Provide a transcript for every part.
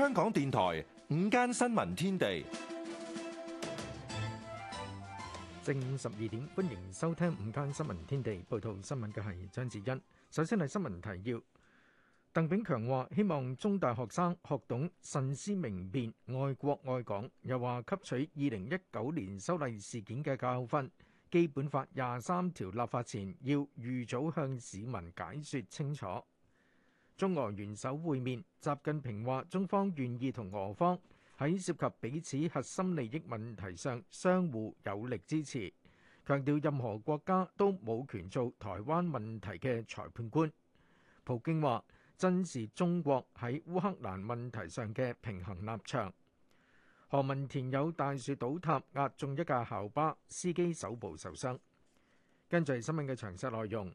香港電台午間新聞天地，正午十二點，歡迎收聽午間新聞天地。報道新聞嘅係張子欣。首先係新聞提要。鄧炳強話：希望中大學生學懂慎思明辨，愛國愛港。又話吸取二零一九年修例事件嘅教訓。基本法廿三條立法前，要預早向市民解說清楚。中俄元首會面，習近平話中方願意同俄方喺涉及彼此核心利益問題上相互有力支持，強調任何國家都冇權做台灣問題嘅裁判官。普京話，真是中國喺烏克蘭問題上嘅平衡立場。何文田有大樹倒塌壓中一架校巴，司機手部受傷。跟住新聞嘅詳細內容。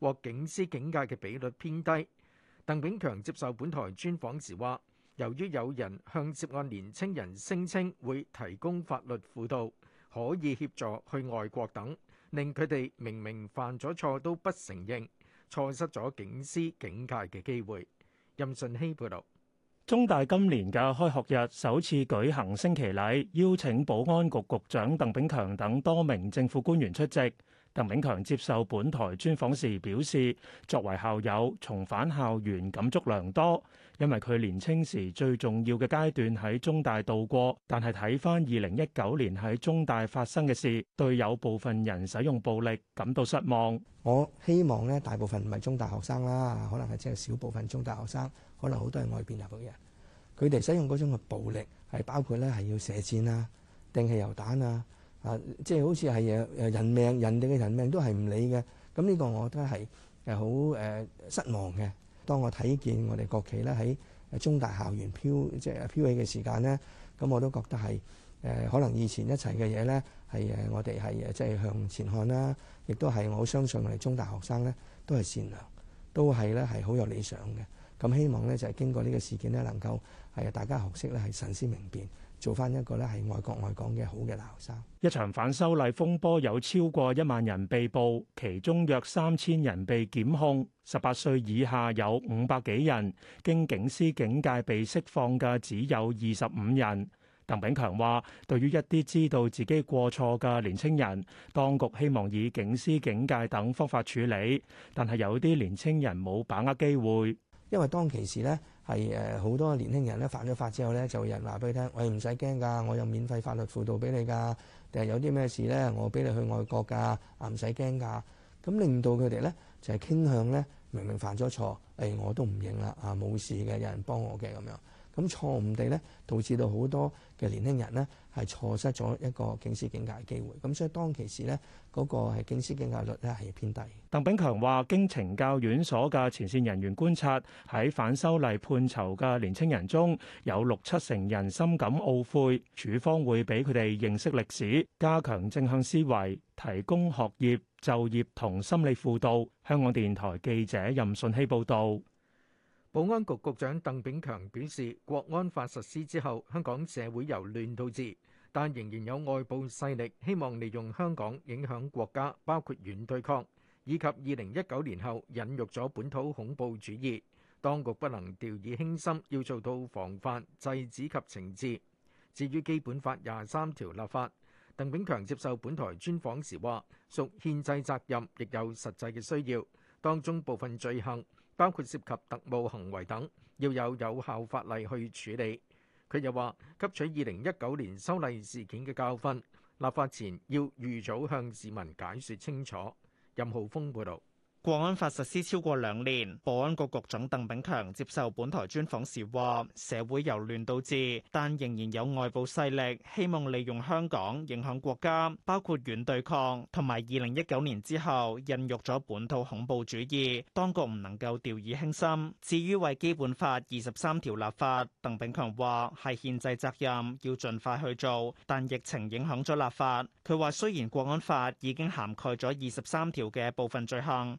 獲警司警戒嘅比率偏低。鄧炳強接受本台專訪時話，由於有人向涉案年青人聲稱會提供法律輔導，可以協助去外國等，令佢哋明明犯咗錯都不承認，錯失咗警司警戒嘅機會。任順希報道。中大今年嘅開學日首次舉行升旗禮，邀請保安局局長鄧炳強等多名政府官員出席。鄧炳強接受本台專訪時表示，作為校友重返校園感觸良多，因為佢年青時最重要嘅階段喺中大度過，但係睇翻二零一九年喺中大發生嘅事，對有部分人使用暴力感到失望。我希望咧，大部分唔係中大學生啦，可能係即係少部分中大學生，可能好多係外邊入嘅人，佢哋使用嗰種嘅暴力，係包括咧係要射箭啊、定係汽油彈啊。啊，即係好似係誒誒人命，人哋嘅人命都係唔理嘅。咁呢個我都係誒好誒失望嘅。當我睇見我哋國旗咧喺中大校園飄即係飄起嘅時間咧，咁我都覺得係誒可能以前一齊嘅嘢咧，係誒我哋係即係向前看啦。亦都係我相信我哋中大學生咧都係善良，都係咧係好有理想嘅。咁希望咧就係經過呢個事件咧，能夠係大家學識咧係慎思明辨。做翻一個咧係外國外港嘅好嘅大學生。一場反修例風波有超過一萬人被捕，其中約三千人被檢控，十八歲以下有五百幾人，經警司警戒被釋放嘅只有二十五人。鄧炳強話：對於一啲知道自己過錯嘅年青人，當局希望以警司警戒等方法處理，但係有啲年青人冇把握機會，因為當其時呢。係誒好多年輕人咧犯咗法之後咧，就有人話俾佢聽：喂，我唔使驚㗎，我有免費法律輔導俾你㗎。定係有啲咩事咧，我俾你去外國㗎，啊唔使驚㗎。咁令到佢哋咧就係、是、傾向咧，明明犯咗錯，誒、哎、我都唔認啦，啊冇事嘅，有人幫我嘅咁樣。咁錯誤地咧，導致到好多嘅年輕人咧，係錯失咗一個警司警誡嘅機會。咁所以當其時呢，嗰個警司警誡率咧係偏低。鄧炳強話：經懲教院所嘅前線人員觀察，喺反修例判囚嘅年青人中，有六七成人深感懊悔，署方會俾佢哋認識歷史，加強正向思維，提供學業、就業同心理輔導。香港電台記者任順希報道。保安局局長鄧炳強表示，國安法實施之後，香港社會由亂到治，但仍然有外部勢力希望利用香港影響國家，包括軟對抗，以及二零一九年後引入咗本土恐怖主義。當局不能掉以輕心，要做到防範、制止及懲治。至於基本法廿三條立法，鄧炳強接受本台專訪時話，屬憲制責任，亦有實際嘅需要，當中部分罪行。包括涉及特務行為等，要有有效法例去處理。佢又話：吸取二零一九年修例事件嘅教訓，立法前要預早向市民解說清楚。任浩峰報導。《國安法》實施超過兩年，保安局局長鄧炳強接受本台專訪時話：社會由亂到治，但仍然有外部勢力希望利用香港影響國家，包括軟對抗同埋二零一九年之後孕育咗本土恐怖主義。當局唔能夠掉以輕心。至於為《基本法》二十三條立法，鄧炳強話係憲制責任，要盡快去做，但疫情影響咗立法。佢話雖然《國安法》已經涵蓋咗二十三條嘅部分罪行，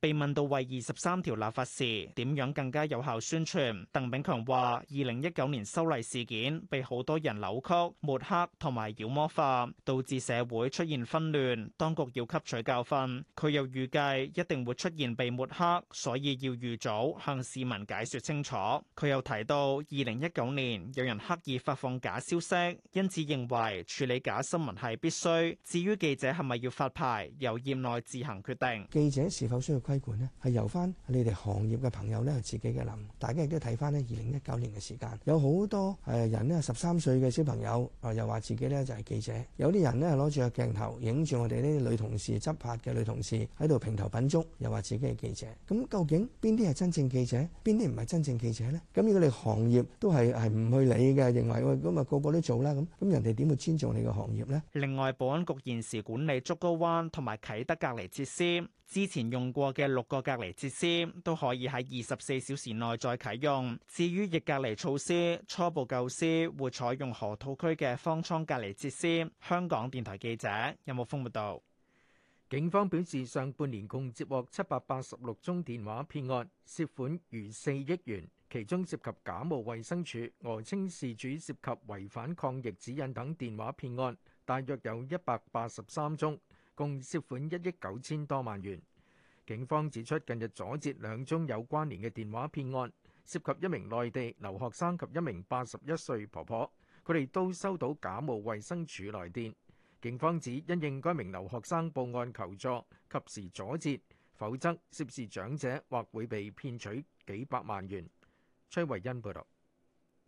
被問到為二十三條立法時點樣更加有效宣傳，鄧炳強話：二零一九年修例事件被好多人扭曲抹黑同埋妖魔化，導致社會出現紛亂，當局要吸取教訓。佢又預計一定會出現被抹黑，所以要預早向市民解説清楚。佢又提到二零一九年有人刻意發放假消息，因此認為處理假新聞係必須。至於記者係咪要發牌，由業內自行決定。記者。是否需要規管呢？係由翻你哋行業嘅朋友咧，自己嘅諗。大家亦都睇翻呢二零一九年嘅時間有好多誒人呢，十三歲嘅小朋友啊、呃，又話自己咧就係、是、記者。有啲人咧攞住個鏡頭影住我哋呢啲女同事執拍嘅女同事喺度評頭品足，又話自己係記者。咁究竟邊啲係真正記者，邊啲唔係真正記者呢？咁如果你行業都係係唔去理嘅，認為喂咁啊個個都做啦，咁咁人哋點會尊重你個行業呢？另外，保安局現時管理竹篙灣同埋啟德隔離設施。之前用過嘅六個隔離設施都可以喺二十四小時內再啟用。至於疫隔離措施，初步構思會採用河套區嘅方艙隔離設施。香港電台記者任木峯報道。有有警方表示，上半年共接獲七百八十六宗電話騙案，涉款逾四億元，其中涉及假冒衛生署、訛稱事主涉及違反抗疫指引等電話騙案，大約有一百八十三宗。共涉款一億九千多萬元。警方指出，近日阻截兩宗有關聯嘅電話騙案，涉及一名內地留學生及一名八十一歲婆婆。佢哋都收到假冒衛生署來電。警方指，因應該名留學生報案求助，及時阻截，否則涉事長者或會被騙取幾百萬元。崔慧欣報道。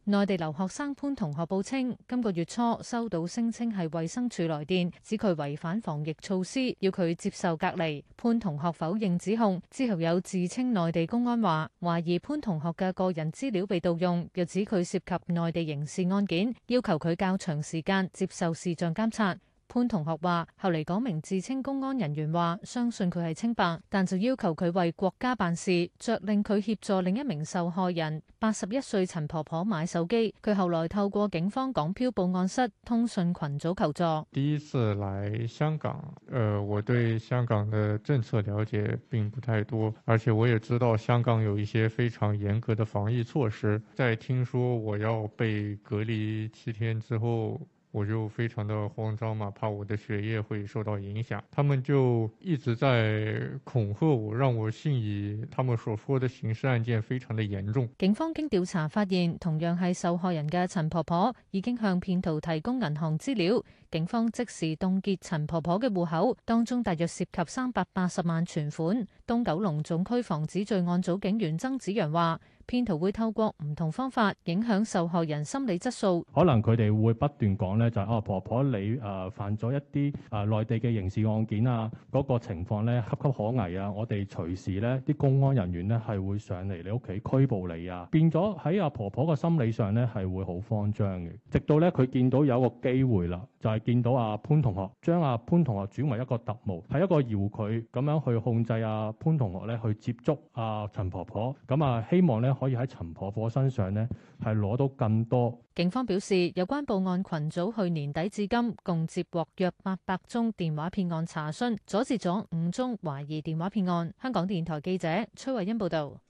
內地留學生潘同學報稱，今個月初收到聲稱係衛生署來電，指佢違反防疫措施，要佢接受隔離。潘同學否認指控，之後有自稱內地公安話，懷疑潘同學嘅個人資料被盜用，又指佢涉及內地刑事案件，要求佢較長時間接受視像監察。潘同學話：後嚟講明，自稱公安人員話，相信佢係清白，但就要求佢為國家辦事，著令佢協助另一名受害人八十一歲陳婆婆買手機。佢後來透過警方港漂報案室通訊群組求助。第一次嚟香港，呃，我對香港嘅政策了解並不太多，而且我也知道香港有一些非常嚴格嘅防疫措施。在聽說我要被隔離七天之後，我就非常的慌張嘛，怕我的血液會受到影響，他們就一直在恐嚇我，讓我信以他們所說的刑事案件非常的嚴重。警方經調查發現，同樣係受害人嘅陳婆婆已經向騙徒提供銀行資料，警方即時凍結陳婆婆嘅戶口，當中大約涉及三百八十萬存款。東九龍總區防止罪案組警員曾子陽話。騙徒會透過唔同方法影響受害人心理質素，可能佢哋會不斷講咧，就係、是、哦、啊、婆婆你誒、啊、犯咗一啲誒內地嘅刑事案件啊，嗰、那個情況咧岌岌可危啊，我哋隨時咧啲公安人員咧係會上嚟你屋企拘捕你啊，變咗喺阿婆婆嘅心理上咧係會好慌張嘅，直到咧佢見到有一個機會啦，就係、是、見到阿、啊、潘同學將阿、啊、潘同學轉為一個特務，係一個遙距咁樣去控制阿、啊、潘同學咧去接觸阿、啊、陳婆婆，咁啊希望咧。可以喺陳婆婆身上呢，係攞到更多。警方表示，有關報案羣組去年底至今共接獲約八百宗電話騙案查詢，阻截咗五宗懷疑電話騙案。香港電台記者崔慧欣報道。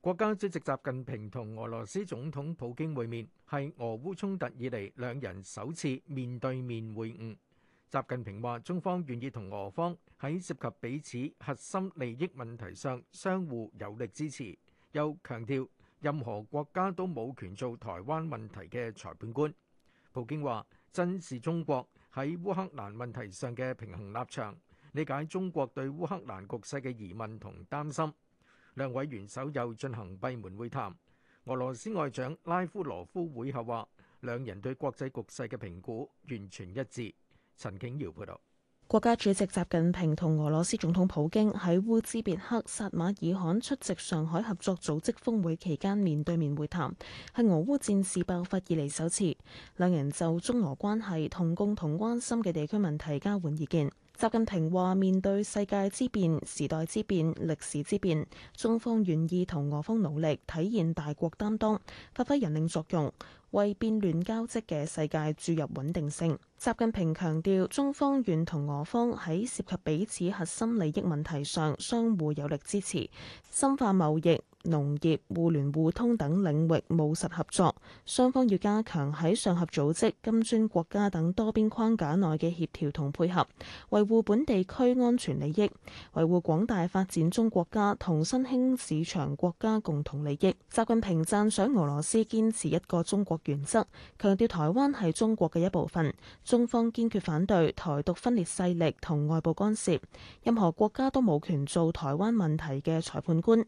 國家主席習近平同俄羅斯總統普京會面，係俄烏衝突以嚟兩人首次面對面會晤。習近平話：中方願意同俄方喺涉及彼此核心利益問題上相互有力支持。又強調，任何國家都冇權做台灣問題嘅裁判官。普京話：真是中國喺烏克蘭問題上嘅平衡立場，理解中國對烏克蘭局勢嘅疑問同擔心。兩位元首又進行閉門會談。俄羅斯外長拉夫羅夫會後話：兩人對國際局勢嘅評估完全一致。陳景堯報道。國家主席習近平同俄羅斯總統普京喺烏茲別克薩馬爾罕出席上海合作組織峰會期間面對面會談，係俄烏戰事爆發以嚟首次。兩人就中俄關係同共同關心嘅地區問題交換意見。習近平話：面對世界之變、時代之變、歷史之變，中方願意同俄方努力，體現大國擔當，發揮引領作用，為變亂交織嘅世界注入穩定性。習近平強調，中方願同俄方喺涉及彼此核心利益問題上相互有力支持，深化貿易、農業、互聯互通等領域務實合作。雙方要加強喺上合組織、金磚國家等多邊框架內嘅協調同配合，維護本地區安全利益，維護廣大發展中國家同新興市場國家共同利益。習近平讚賞俄羅斯堅持一個中國原則，強調台灣係中國嘅一部分。中方堅決反對台獨分裂勢力同外部干涉，任何國家都冇權做台灣問題嘅裁判官。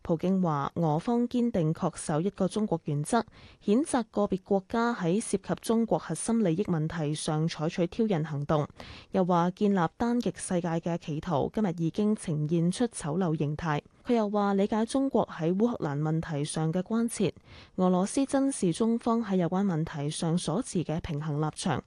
普京話，俄方堅定恪守一個中國原則，譴責個別國家喺涉及中國核心利益問題上採取挑釁行動。又話建立單極世界嘅企圖今日已經呈現出醜陋形態。佢又話理解中國喺烏克蘭問題上嘅關切，俄羅斯珍視中方喺有關問題上所持嘅平衡立場。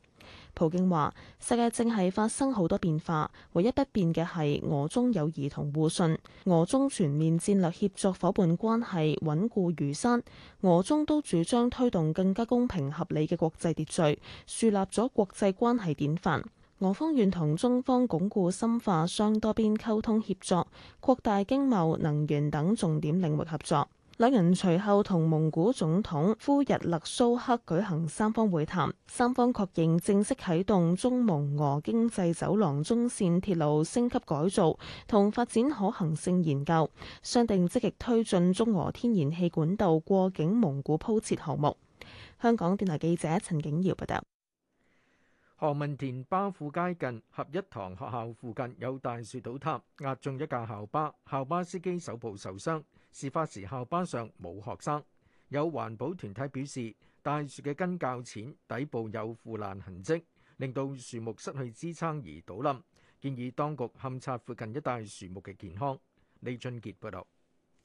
普京話：世界正係發生好多變化，唯一不變嘅係俄中友誼同互信，俄中全面戰略協作伙伴關係穩固如山。俄中都主張推動更加公平合理嘅國際秩序，樹立咗國際關係典範。俄方願同中方鞏固深化雙多邊溝通協作，擴大經貿、能源等重點領域合作。兩人隨後同蒙古總統呼日勒蘇克舉行三方會談，三方確認正式啟動中蒙俄經濟走廊中線鐵路升級改造同發展可行性研究，商定積極推進中俄天然氣管道過境蒙古鋪設項目。香港電台記者陳景瑤報道。何文田巴富街近合一堂學校附近有大樹倒塌壓中一架校巴，校巴司機手部受傷。事發時，校巴上冇學生。有環保團體表示，大樹嘅根較淺，底部有腐爛痕迹，令到樹木失去支撐而倒冧。建議當局勘察附近一帶樹木嘅健康。李俊傑報道。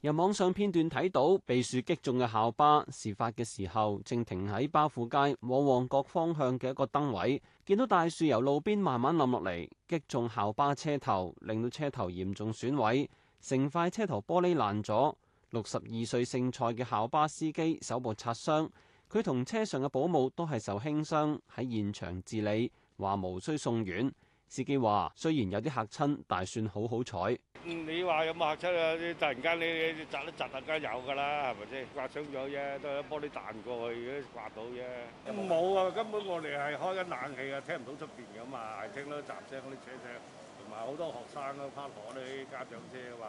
由網上片段睇到，被樹擊中嘅校巴，事發嘅時候正停喺巴富街往旺角方向嘅一個燈位，見到大樹由路邊慢慢冧落嚟，擊中校巴車頭，令到車頭嚴重損毀。成塊車頭玻璃爛咗，六十二歲姓蔡嘅校巴司機手部擦傷，佢同車上嘅保姆都係受輕傷，喺現場治理，話無需送院。司機話：雖然有啲嚇親，但係算好好彩。你話有冇嚇親啊？啲突然間你你砸都砸大家有㗎啦，係咪先？刮傷咗啫，都係玻璃彈過去，都刮到啫。冇啊，根本我哋係開緊冷氣啊，聽唔到出邊㗎嘛，係聽到雜聲嗰啲車聲。埋好多學生都返學啲家長車啊嘛，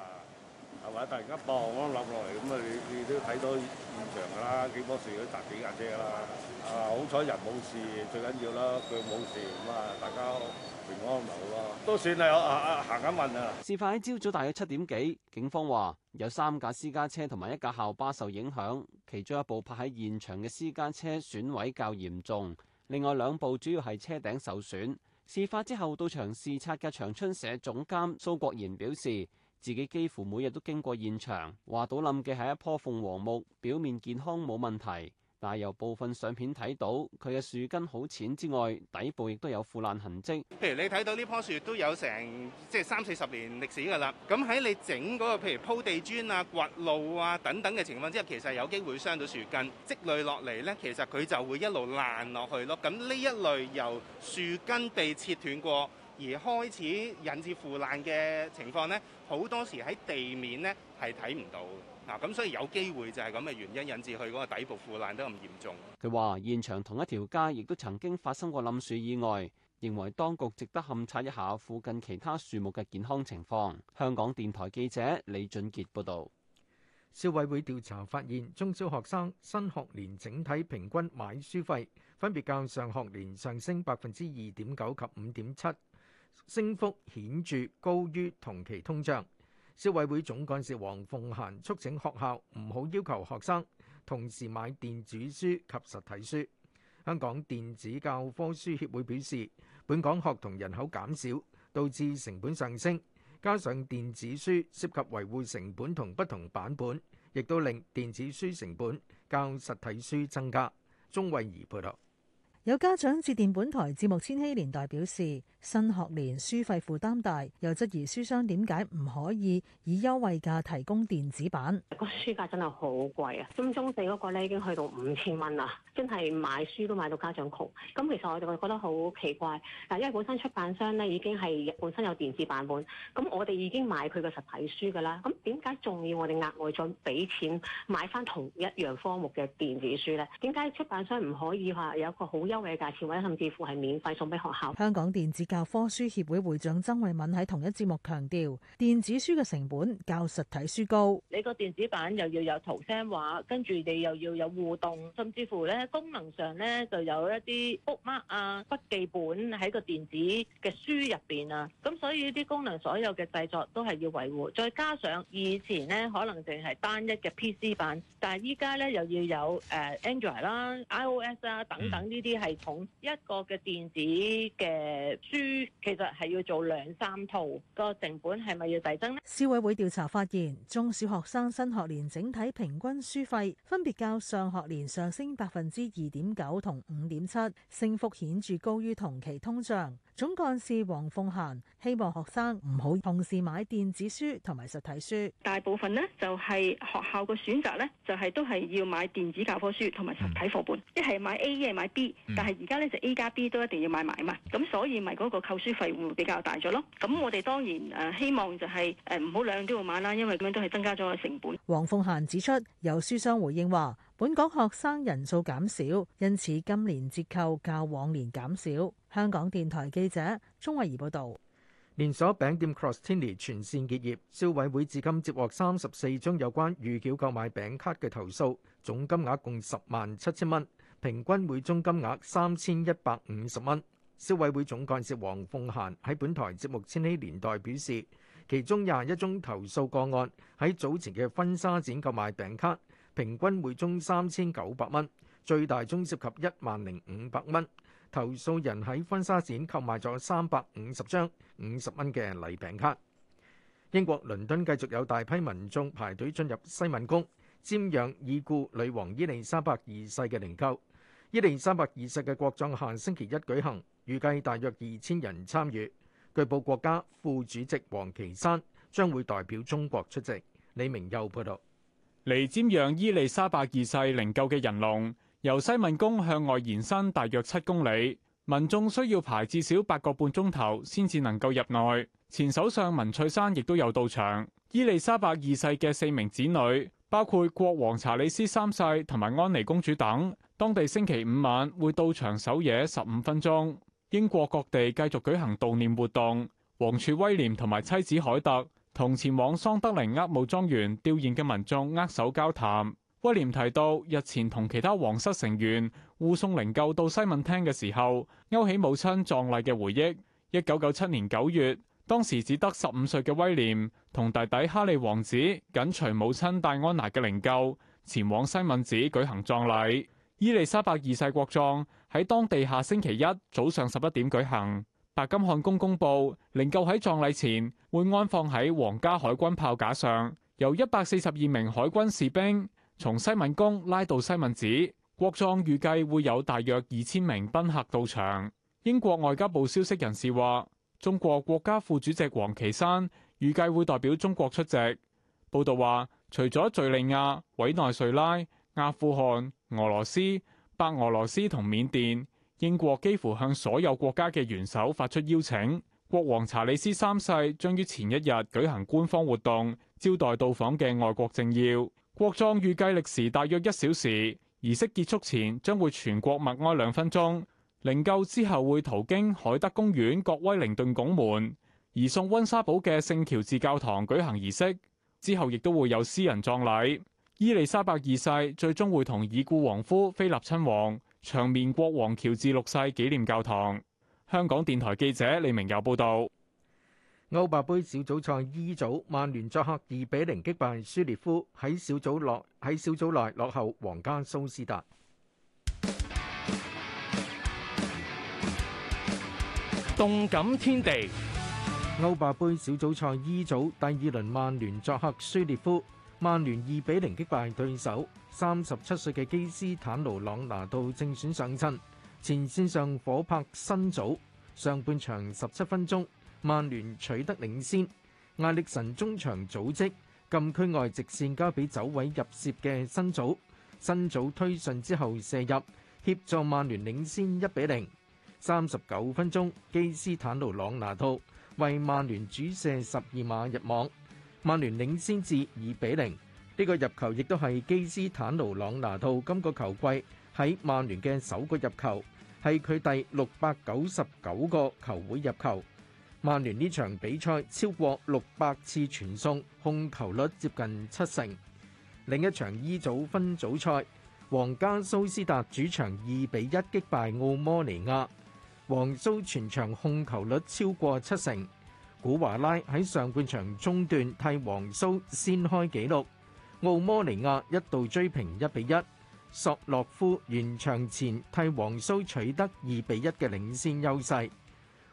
係咪突然間嘣咁落落嚟，咁啊你你都睇到現場㗎啦，幾樖樹都搭幾架車㗎啦。啊，好彩人冇事，最緊要啦，佢冇事，咁啊大家平安就好咯。都算係行行緊運啊！事發喺朝早大約七點幾，警方話有三架私家車同埋一架校巴受影響，其中一部泊喺現場嘅私家車損毀較嚴重，另外兩部主要係車頂受損。事發之後到場視察嘅長春社總監蘇國賢表示，自己幾乎每日都經過現場，話倒冧嘅係一棵鳳凰木，表面健康冇問題。但係由部分相片睇到，佢嘅樹根好淺之外，底部亦都有腐爛痕跡。譬如你睇到呢棵樹都有成即係三四十年歷史㗎啦，咁喺你整嗰個譬如鋪地磚啊、掘路啊等等嘅情況之下，其實有機會傷到樹根，積累落嚟呢，其實佢就會一路爛落去咯。咁呢一類由樹根被切斷過而開始引致腐爛嘅情況呢，好多時喺地面呢係睇唔到。嗱，咁、啊、所以有機會就係咁嘅原因引致佢嗰個底部腐爛得咁嚴重。佢話現場同一條街亦都曾經發生過冧樹意外，認為當局值得勘察一下附近其他樹木嘅健康情況，香港電台記者李俊杰報道。消委會調查發現中小學生新學年整體平均買書費分別較上學年上升百分之二點九及五點七，升幅顯著高於同期通脹。消委會總幹事黃鳳嫻促請學校唔好要，要求學生同時買電子書及實體書。香港電子教科書協會表示，本港學童人口減少，導致成本上升，加上電子書涉及維護成本同不同版本，亦都令電子書成本較實體書增加。鍾慧儀報道。有家長致電本台節目千禧年代表示，新學年書費負擔大，又質疑書商點解唔可以以優惠價提供電子版。個書價真係好貴啊！中中四嗰個咧已經去到五千蚊啦，真係買書都買到家長窮。咁其實我哋會覺得好奇怪，嗱，因為本身出版商咧已經係本身有電子版本，咁我哋已經買佢個實體書噶啦，咁點解仲要我哋額外再俾錢買翻同一樣科目嘅電子書咧？點解出版商唔可以話有一個好？優惠嘅價錢或甚至乎係免費送俾學校。香港電子教科書協會會長曾慧敏喺同一節目強調，電子書嘅成本較實體書高。你個電子版又要有圖聲畫，跟住你又要有互動，甚至乎咧功能上咧就有一啲 bookmark 啊、筆記本喺個電子嘅書入邊啊。咁所以啲功能所有嘅製作都係要維護，再加上以前咧可能淨係單一嘅 PC 版，但係依家咧又要有誒 Android 啦、啊、iOS 啊等等呢啲。系統一個嘅電子嘅書，其實係要做兩三套，個成本係咪要遞增呢？消委會調查發現，中小學生新學年整體平均書費分別較上學年上升百分之二點九同五點七，升幅顯著高於同期通脹。總幹事黃鳳嫻希望學生唔好同時買電子書同埋實體書。大部分呢，就係學校個選擇呢，就係都係要買電子教科書同埋實體課本，一係買 A 一係買 B，但係而家呢，就 A 加 B 都一定要買埋嘛。咁所以咪嗰個購書費會比較大咗咯。咁我哋當然誒希望就係誒唔好兩樣都要買啦，因為咁樣都係增加咗個成本。黃鳳嫻指出，有書商回應話，本港學生人數減少，因此今年折扣較往年減少。香港電台記者鍾慧儀報道。連鎖餅店 Crostini 全線結業，消委會至今接獲三十四宗有關預繳購買餅卡嘅投訴，總金額共十萬七千蚊，平均每宗金額三千一百五十蚊。消委會總幹事黃鳳嫻喺本台節目《千禧年代》表示，其中廿一宗投訴個案喺早前嘅婚紗展購買餅卡。平均每宗三千九百蚊，最大宗涉及一萬零五百蚊。投訴人喺婚紗展購買咗三百五十張五十蚊嘅禮餅卡。英國倫敦繼續有大批民眾排隊進入西敏宮，瞻仰已故女王伊利沙伯二世嘅靈柩。伊利沙伯二世嘅國葬下星期一舉行，預計大約二千人參與。據報國家副主席王岐山將會代表中國出席。李明又報導。嚟瞻仰伊麗莎白二世靈柩嘅人龍，由西敏宮向外延伸大約七公里，民眾需要排至少八個半鐘頭先至能夠入內。前首相文翠珊亦都有到場。伊麗莎白二世嘅四名子女，包括國王查理斯三世同埋安妮公主等，當地星期五晚會到場守夜十五分鐘。英國各地繼續舉行悼念活動。王儲威廉同埋妻子凱特。同前往桑德靈厄姆莊園吊唁嘅民眾握手交談。威廉提到，日前同其他皇室成員護送靈柩到西敏廳嘅時候，勾起母親葬禮嘅回憶。一九九七年九月，當時只得十五歲嘅威廉同弟弟哈利王子緊隨母親戴安娜嘅靈柩前往西敏寺舉行葬禮。伊利沙伯二世國葬喺當地下星期一早上十一點舉行。白金漢宮公布，靈柩喺葬禮前會安放喺皇家海軍炮架上，由一百四十二名海軍士兵從西敏宮拉到西敏寺。國葬預計會有大約二千名賓客到場。英國外交部消息人士話，中國國家副主席王岐山預計會代表中國出席。報道話，除咗敘利亞、委內瑞拉、阿富汗、俄羅斯、白俄羅斯同緬甸。英國幾乎向所有國家嘅元首發出邀請。國王查理斯三世將於前一日舉行官方活動，招待到訪嘅外國政要。國葬預計歷時大約一小時，儀式結束前將會全國默哀兩分鐘。靈柩之後會途經海德公園角、威靈頓拱門，移送溫莎堡嘅聖喬治教堂舉行儀式。之後亦都會有私人葬禮。伊利沙伯二世最終會同已故王夫菲立親王。長面國王喬治六世紀念教堂，香港電台記者李明游報道。歐霸盃小組賽 E 組，曼聯作客二比零擊敗舒列夫，喺小組落喺小組內落後皇家蘇斯達。動感天地，歐霸盃小組賽 E 組第二輪，曼聯作客舒列夫。曼聯二比零擊敗對手，三十七歲嘅基斯坦奴·朗拿度正選上陣。前線上火拍新祖，上半場十七分鐘，曼聯取得領先。艾力神中場組織禁區外直線交俾走位入攝嘅新祖，新祖推進之後射入，協助曼聯領先一比零。三十九分鐘，基斯坦奴·朗拿度為曼聯主射十二碼入網。曼聯領先至二比零，呢個入球亦都係基斯坦奴朗拿度今個球季喺曼聯嘅首個入球，係佢第六百九十九個球會入球。曼聯呢場比賽超過六百次傳送，控球率接近七成。另一場 E 組分組賽，皇家蘇斯達主場二比一擊敗奧摩尼亞，皇蘇全場控球率超過七成。古華拉喺上半場中段替皇蘇先開紀錄，奧摩尼亞一度追平一比一，索洛夫完場前替皇蘇取得二比一嘅領先優勢。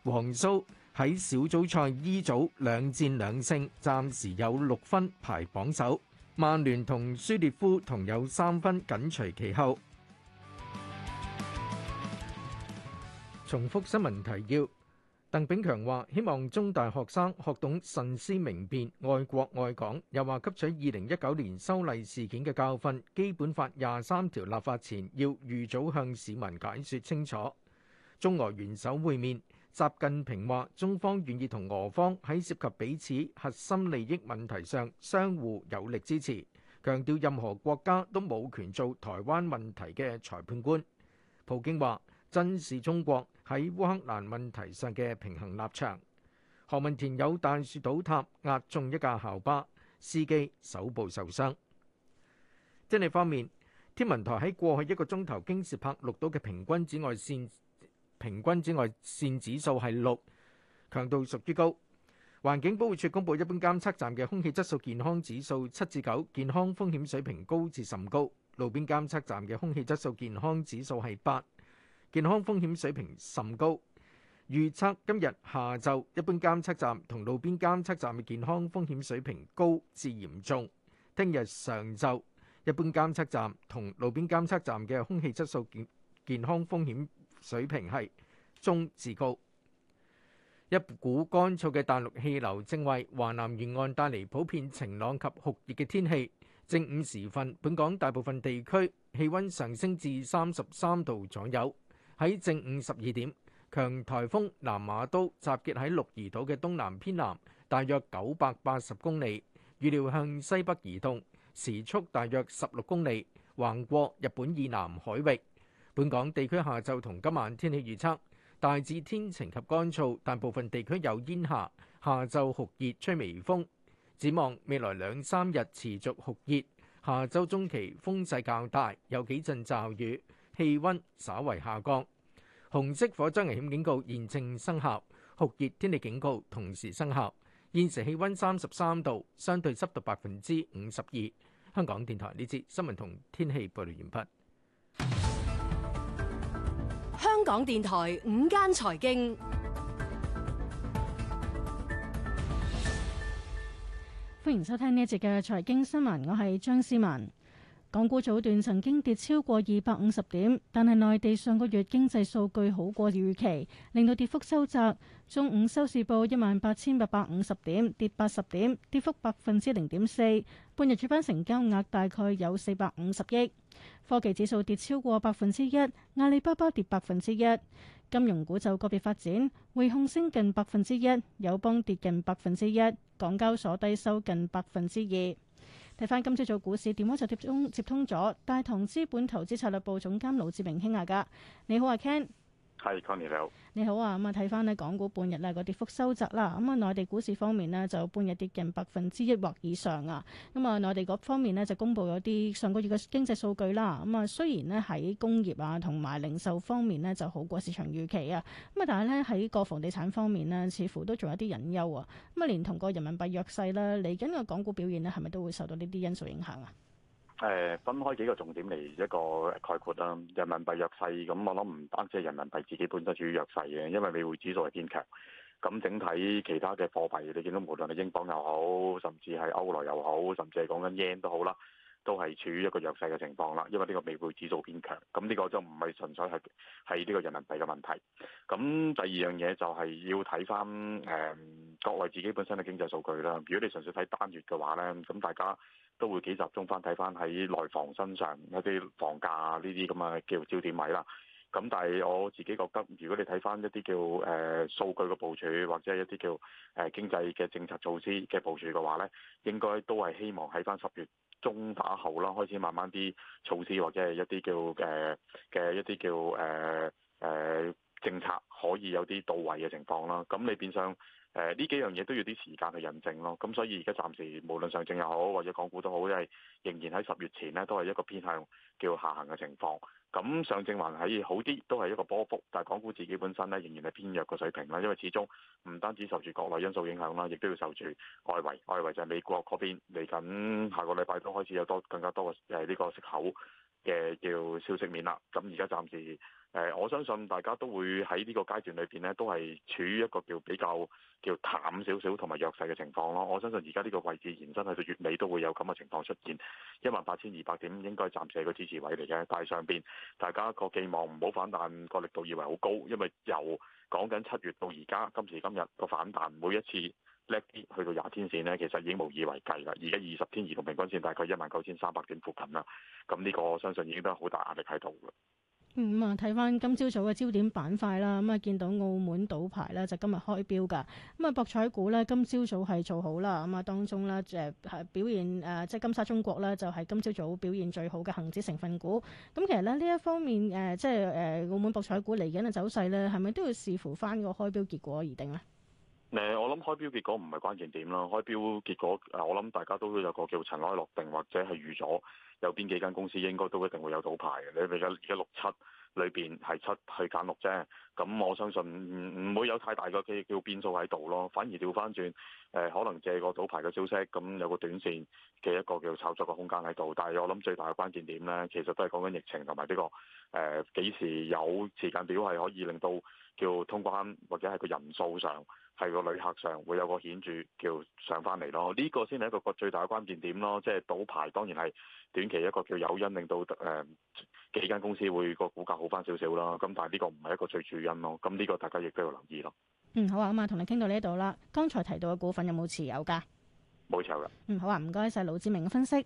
皇蘇喺小組賽 E 組兩戰兩勝，暫時有六分排榜首。曼聯同舒列夫同有三分緊隨其後。重複新聞提要。鄧炳強話：希望中大學生學懂慎思明辨、愛國愛港。又話吸取二零一九年修例事件嘅教訓，基本法廿三條立法前要預早向市民解說清楚。中俄元首會面，習近平話中方願意同俄方喺涉及彼此核心利益問題上相互有力支持，強調任何國家都冇權做台灣問題嘅裁判官。普京話：真係中國。喺烏克蘭問題上嘅平衡立場。何文田有大樹倒塌壓中一架校巴，司機手部受傷。天氣方面，天文台喺過去一個鐘頭經攝拍錄到嘅平均紫外線平均紫外線指數係六，強度屬於高。環境保護署公布一般監測站嘅空氣質素健康指數七至九，健康風險水平高至甚高。路邊監測站嘅空氣質素健康指數係八。健康風險水平甚高，預測今日下晝一般監測站同路邊監測站嘅健康風險水平高至嚴重。聽日上晝一般監測站同路邊監測站嘅空氣質素健健康風險水平係中至高。一股乾燥嘅大陸氣流正為華南沿岸帶嚟普遍晴朗及酷熱嘅天氣。正午時分，本港大部分地區氣溫上升至三十三度左右。喺正午十二點，強颱風南馬都集結喺鹿兒島嘅東南偏南，大約九百八十公里，預料向西北移動，時速大約十六公里，橫過日本以南海域。本港地區下晝同今晚天氣預測，大致天晴及乾燥，但部分地區有煙霞。下晝酷熱，吹微風，展望未來兩三日持續酷熱。下晝中期風勢較大，有幾陣驟雨。氣溫稍為下降，紅色火災危險警告現正生效，酷熱天氣警告同時生效。現時氣溫三十三度，相對濕度百分之五十二。香港電台呢節新聞同天氣報道完畢。香港電台午間財經，歡迎收聽呢一節嘅財經新聞，我係張思文。港股早段曾經跌超過二百五十點，但係內地上個月經濟數據好過預期，令到跌幅收窄。中午收市報一萬八千八百五十點，跌八十點，跌幅百分之零點四。半日主板成交額大概有四百五十億。科技指數跌超過百分之一，阿里巴巴跌百分之一。金融股就個別發展，匯控升近百分之一，友邦跌近百分之一，港交所低收近百分之二。睇翻今朝早股市，電話就接通，接通咗，大同資本投資策略部總監盧志明傾下噶。你好啊，Ken。係你好。啊，咁啊睇翻呢，港股半日咧個跌幅收窄啦。咁、嗯、啊，內地股市方面呢，就半日跌近百分之一或以上啊。咁、嗯、啊，內地嗰方面呢，就公布咗啲上個月嘅經濟數據啦。咁、嗯、啊，雖然呢喺工業啊同埋零售方面呢，就好過市場預期啊。咁、嗯、啊，但係呢喺個房地產方面呢，似乎都仲有啲隱憂啊。咁、嗯、啊，連同個人民幣弱勢啦，嚟緊嘅港股表現呢，係咪都會受到呢啲因素影響啊？誒、呃、分開幾個重點嚟一個概括啦、啊。人民幣弱勢，咁我諗唔單止係人民幣自己本身處於弱勢嘅，因為美匯指數係堅強。咁整體其他嘅貨幣，你見到無論係英鎊又好，甚至係歐羅又好，甚至係講緊 yen 都好啦，都係處於一個弱勢嘅情況啦。因為呢個美匯指數堅強，咁呢個就唔係純粹係係呢個人民幣嘅問題。咁第二樣嘢就係要睇翻誒國內自己本身嘅經濟數據啦。如果你純粹睇單月嘅話呢，咁大家，都會幾集中翻睇翻喺內房身上一啲房價呢啲咁嘅叫焦點位啦。咁但係我自己覺得，如果你睇翻一啲叫誒、呃、數據嘅部署，或者係一啲叫誒、呃、經濟嘅政策措施嘅部署嘅話呢，應該都係希望喺翻十月中打後啦，開始慢慢啲措施或者係一啲叫誒嘅一啲叫誒誒政策可以有啲到位嘅情況啦。咁你變相。誒呢幾樣嘢都要啲時間去印證咯，咁所以而家暫時無論上證又好或者港股都好，因係仍然喺十月前呢都係一個偏向叫下行嘅情況。咁上證還係好啲，都係一個波幅，但係港股自己本身呢，仍然係偏弱嘅水平啦，因為始終唔單止受住國內因素影響啦，亦都要受住外圍，外圍就係美國嗰邊嚟緊下個禮拜都開始有多更加多嘅誒呢個息口嘅叫消息面啦。咁而家暫時。誒，我相信大家都會喺呢個階段裏邊咧，都係處於一個叫比較叫淡少少同埋弱勢嘅情況咯。我相信而家呢個位置延伸喺到月尾都會有咁嘅情況出現。一萬八千二百點應該暫時係個支持位嚟嘅，但係上邊大家個寄望唔好反彈個力度，以為好高，因為由講緊七月到而家今時今日個反彈每一次叻啲去到廿天線呢，其實已經無以為繼啦。而家二十天移動平均線大概一萬九千三百點附近啦，咁呢個我相信已經都係好大壓力喺度。咁啊，睇翻、嗯、今朝早嘅焦點板塊啦，咁、嗯、啊見到澳門賭牌咧就今日開標㗎，咁、嗯、啊博彩股咧今朝早係做好啦，咁、嗯、啊當中咧誒係表現誒、呃、即係金沙中國咧就係、是、今朝早、早表現最好嘅恒指成分股。咁、嗯、其實咧呢一方面誒、呃、即係誒、呃、澳門博彩股嚟緊嘅走勢咧，係咪都要視乎翻個開標結果而定咧？誒，我諗開標結果唔係關鍵點咯，開標結果誒，我諗大家都有個叫塵埃落定，或者係預咗有邊幾間公司應該都一定會有賭牌嘅。你而家而家六七裏邊係七去揀六啫，咁我相信唔唔會有太大嘅機叫變數喺度咯。反而調翻轉誒，可能借個賭牌嘅消息，咁有個短線嘅一個叫炒作嘅空間喺度。但係我諗最大嘅關鍵點咧，其實都係講緊疫情同埋呢個誒，呃、幾時有時間表係可以令到叫通關或者係個人數上。係個旅客上會有個顯著叫上翻嚟咯，呢、這個先係一個個最大嘅關鍵點咯。即係倒牌，當然係短期一個叫誘因，令到誒、呃、幾間公司會個股價好翻少少啦。咁但係呢個唔係一個最主因咯。咁、這、呢個大家亦都要留意咯。嗯，好啊，咁啊，同你傾到呢度啦。剛才提到嘅股份有冇持有噶？冇持有。嗯，好啊，唔該晒盧志明嘅分析。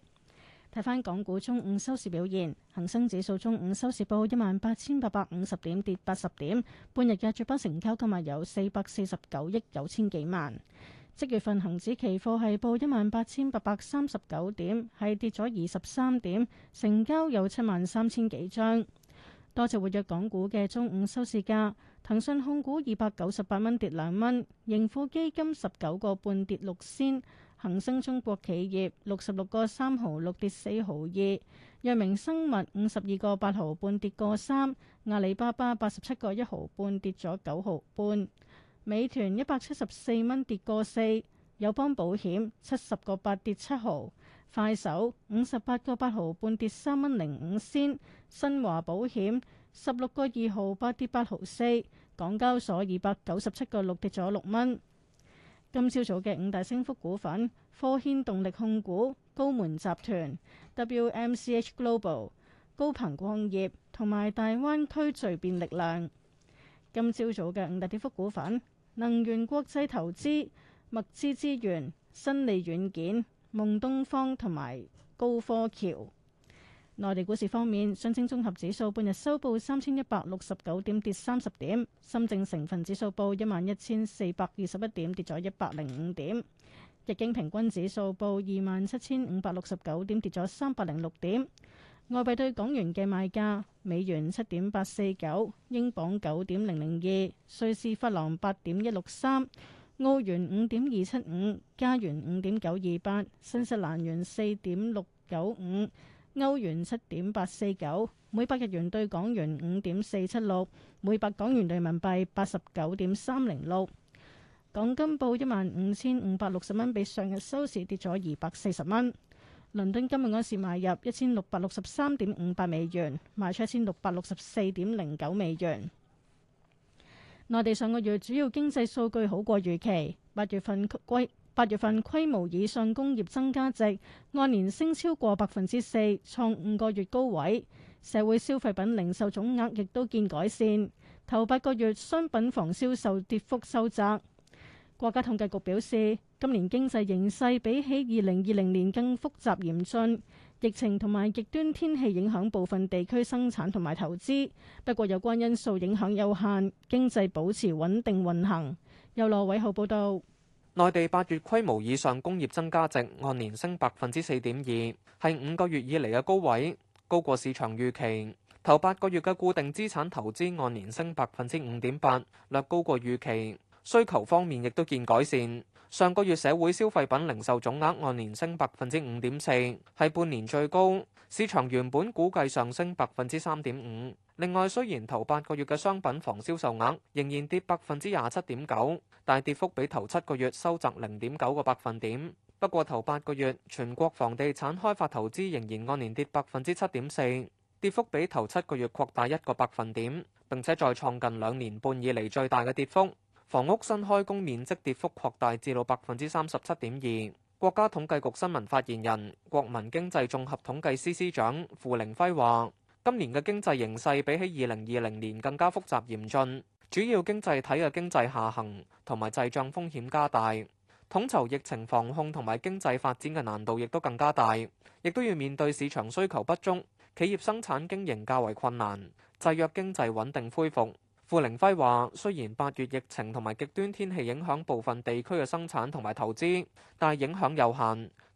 睇翻港股中午收市表現，恒生指數中午收市報一萬八千八百五十點，跌八十點。半日嘅絕筆成交今日有四百四十九億九千幾萬。即月份恒指期貨係報一萬八千八百三十九點，係跌咗二十三點，成交有七萬三千幾張。多隻活躍港股嘅中午收市價，騰訊控股二百九十八蚊跌兩蚊，盈富基金十九個半跌六仙。恒生中國企業六十六個三毫六跌四毫二，藥明生物五十二個八毫半跌個三，阿里巴巴八十七個一毫半跌咗九毫半，美團一百七十四蚊跌個四，友邦保險七十個八跌七毫，快手五十八個八毫半跌三蚊零五仙，新華保險十六個二毫八跌八毫四，港交所二百九十七個六跌咗六蚊。今朝早嘅五大升幅股份：科軒動力控股、高門集團、WMCH Global、高鵬礦業同埋大灣區聚變力量。今朝早嘅五大跌幅股份：能源國際投資、麥資資源、新利軟件、夢東方同埋高科橋。內地股市方面，上證綜合指數半日收報三千一百六十九點，跌三十點；深證成分指數報一萬一千四百二十一點，跌咗一百零五點；日經平均指數報二萬七千五百六十九點，跌咗三百零六點。外幣兌港元嘅賣價：美元七點八四九，英鎊九點零零二，瑞士法郎八點一六三，澳元五點二七五，加元五點九二八，新西蘭元四點六九五。歐元七點八四九，每百日元對港元五點四七六，每百港元對人民幣八十九點三零六。港金報一萬五千五百六十蚊，比上日收市跌咗二百四十蚊。倫敦今日嗰時買入一千六百六十三點五百美元，賣出一千六百六十四點零九美元。內地上個月主要經濟數據好過預期，八月份歸。八月份規模以上工業增加值按年升超過百分之四，創五個月高位。社會消費品零售總額亦都見改善。頭八個月商品房銷售跌幅收窄。國家統計局表示，今年經濟形勢比起二零二零年更複雜嚴峻，疫情同埋極端天氣影響部分地區生產同埋投資。不過有關因素影響有限，經濟保持穩定運行。由羅偉浩報導。內地八月規模以上工業增加值按年升百分之四點二，係五個月以嚟嘅高位，高過市場預期。頭八個月嘅固定資產投資按年升百分之五點八，略高過預期。需求方面亦都見改善。上個月社會消費品零售總額按年升百分之五點四，係半年最高，市場原本估計上升百分之三點五。另外，雖然頭八個月嘅商品房銷售額仍然跌百分之廿七點九，但跌幅比頭七個月收窄零點九個百分點。不過，頭八個月全國房地產開發投資仍然按年跌百分之七點四，跌幅比頭七個月擴大一個百分點，並且再創近兩年半以嚟最大嘅跌幅。房屋新開工面積跌幅擴大至到百分之三十七點二。國家統計局新聞發言人、國民經濟綜合統計司司長傅凌輝話。今年嘅經濟形勢比起二零二零年更加複雜嚴峻，主要經濟體嘅經濟下行同埋滯脹風險加大，統籌疫情防控同埋經濟發展嘅難度亦都更加大，亦都要面對市場需求不足、企業生產經營較為困難、制約經濟穩定恢復。傅凌輝話：雖然八月疫情同埋極端天氣影響部分地區嘅生產同埋投資，但係影響有限。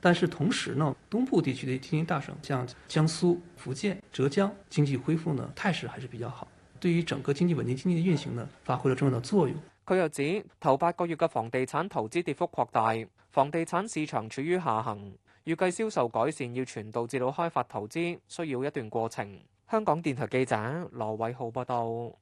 但是同時，呢，東部地區的經濟大省，像江蘇、福建、浙江，經濟恢復呢態勢還是比較好，對於整個經濟穩定、經濟的運行呢，發揮了重要的作用。佢又指，頭八個月嘅房地產投資跌幅擴大，房地產市場處於下行，預計銷售改善要傳導至到開發投資，需要一段過程。香港電台記者羅偉浩報道。